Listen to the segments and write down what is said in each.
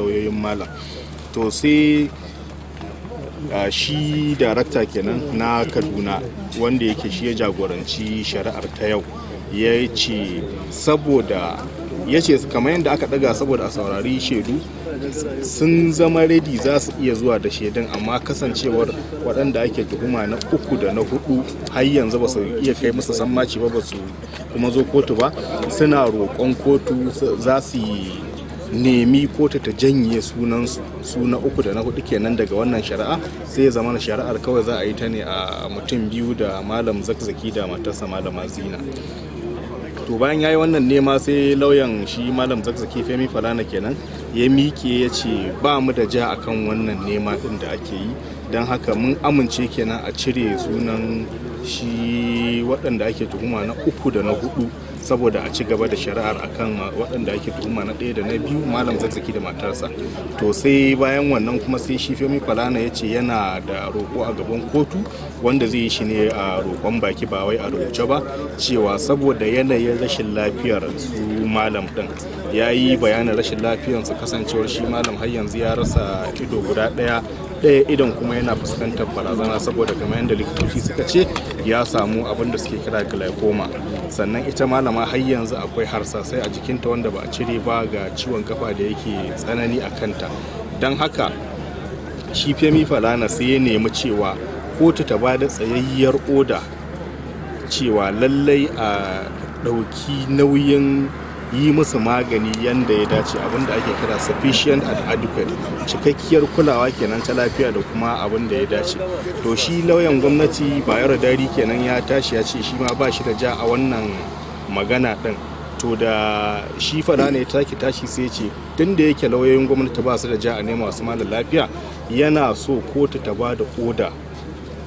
lauyoyin malam to sai shi darakta kenan na kaduna wanda yake shi ya jagoranci shari'ar ta yau ya ce saboda ya ce kamar yadda aka daga saboda a saurari shaidu sun zama redi za su iya zuwa da shaidun amma kasancewar waɗanda ake tuhuma na uku da na hudu har yanzu ba su iya kai masa sammaci ba ba su kuma zo kotu ba suna roƙon kotu za su yi nemi kota ta janye sunansu suna uku da na hudu kenan daga wannan shari'a sai ya zama shari'ar kawai za a yi ta ne a mutum biyu da malam zakzaki da matarsa malama zina to bayan ya yi wannan nema sai lauyan shi malam zakzaki femi falana kenan ya miƙe ya ce ba mu da ja akan wannan nema din da ake yi don haka mun amince kenan a cire sunan shi waɗanda ake tuhuma na uku da na hudu saboda a ci gaba da shari'ar akan waɗanda ake tuhuma na ɗaya da na biyu malam zazzaki da matarsa to sai bayan wannan kuma sai shi femi kwalana ya ce yana da roƙo a gaban kotu wanda zai yi shi ne a roƙon baki ba wai a rubuce ba cewa saboda yanayin rashin lafiyar su malam ɗin ya yi bayanin rashin lafiyarsa kasancewar shi malam har yanzu ya rasa ido guda ɗaya ɗaya idan kuma yana fuskantar barazana saboda kamar yadda likitoci suka ce ya samu abin da suke kira glaucoma sannan ita malama har yanzu akwai harsasai a jikinta wanda ba a cire ba ga ciwon kafa da yake tsanani a kanta don haka shi femi falana sai ya nemi cewa kotu ta ba da tsayayyar oda cewa lallai a ɗauki nauyin yi musu magani yadda ya dace abinda ake kira sufficient and adequate cikakkiyar kulawa kenan ta lafiya da kuma abinda ya dace to shi lauyan gwamnati bayar dari kenan ya tashi ya ce shi ma ba shi da ja a wannan magana din to da shi fada ne take tashi sai ce tun da yake lauyoyin gwamnati ba su da ja a nema masu malam lafiya yana so kotu ta ba da oda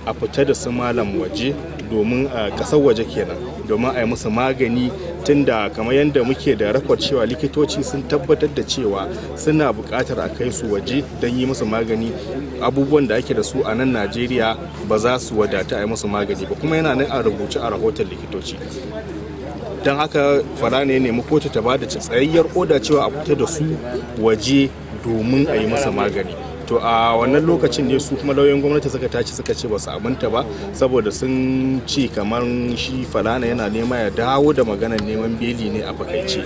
a fita da su malam waje domin a ƙasar waje kenan domin a yi musu magani tun da kamar yadda muke da rakwar cewa likitoci sun tabbatar da cewa suna bukatar a kai su waje don yi musu magani abubuwan da ake da su a nan najeriya ba za su wadata a yi musu magani ba kuma yana nan a rubuce a rahoton likitoci don haka fara ne nemi kotu ta ba da tsayayyar oda cewa a fita da su waje domin a yi masa magani to a wannan lokacin ne su kuma lauyoyin gwamnati suka tashi suka ce ba su aminta ba saboda sun ci kamar shi falana yana nema ya dawo da maganar neman beli ne a fakaice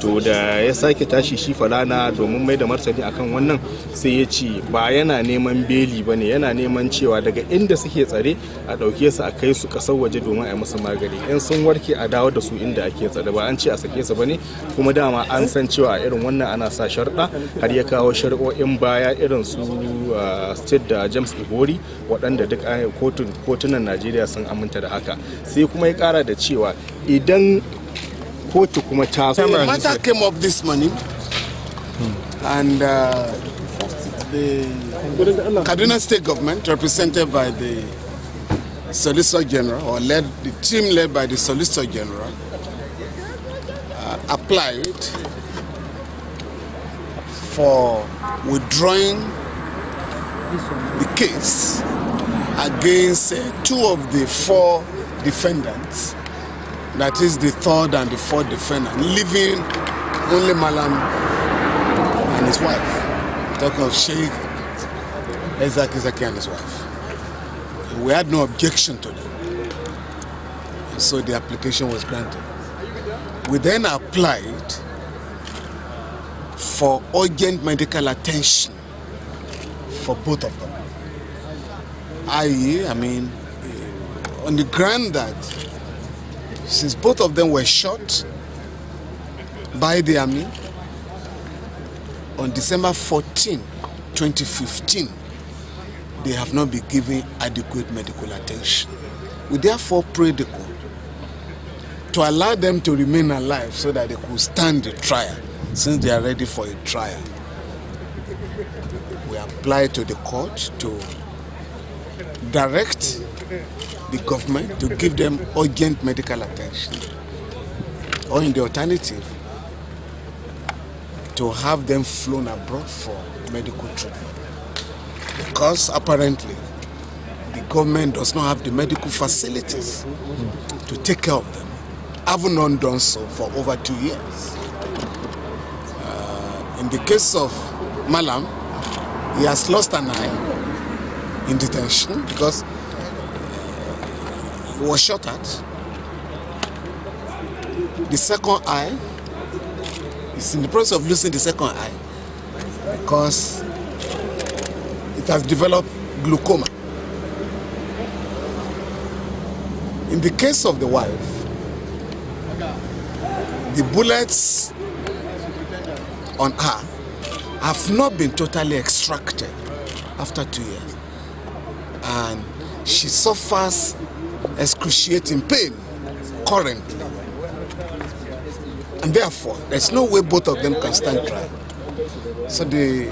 to da ya sake tashi shi falana domin mai da martani akan wannan sai ya ce ba yana neman beli ba ne yana neman cewa daga inda suke tsare a ɗauke su a kai su kasar waje domin a yi musu magani in sun warke a dawo da su inda ake tsare ba an ce a sake su ba ne kuma dama an san cewa irin wannan ana sa sharɗa har ya kawo shari'o'in baya irin su su state da james ibori waɗanda duk kotunan najeriya sun aminta da haka sai kuma ya ƙara da cewa idan kotu kuma ta matter came up this morning and uh, the kaduna state government represented by the solicitor general or led the team led by the solicitor general uh, applied for withdrawing the case against uh, two of the four defendants, that is the third and the fourth defendant, leaving only Malam and his wife. talking of Sheikh Ezak Ezaki and his wife. We had no objection to them. And so the application was granted. We then applied for urgent medical attention for both of them. I.e., I mean, eh, on the ground that since both of them were shot by the army on December 14, 2015, they have not been given adequate medical attention. We therefore pray the court to allow them to remain alive so that they could stand the trial since they are ready for a trial. we apply to the court to direct the government to give them urgent medical attention or in the alternative to have them flown abroad for medical treatment because apparently the government does not have the medical facilities to take care of them having not done so for over two years uh, in the case of Malam, he has lost an eye in detention because uh, he was shot at. The second eye is in the process of losing the second eye because it has developed glaucoma. In the case of the wife, the bullets on her have not been totally extracted after two years. And she suffers excruciating pain currently. And therefore, there's no way both of them can stand trial. So the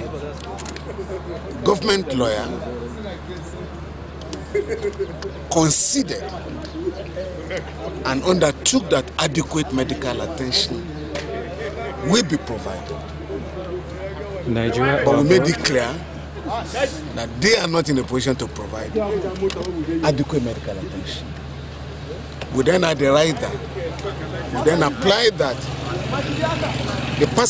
government lawyer considered and undertook that adequate medical attention will be provided. Nigeria. But we made it clear that they are not in a position to provide adequate medical attention. We then had the right that. We then applied that. The person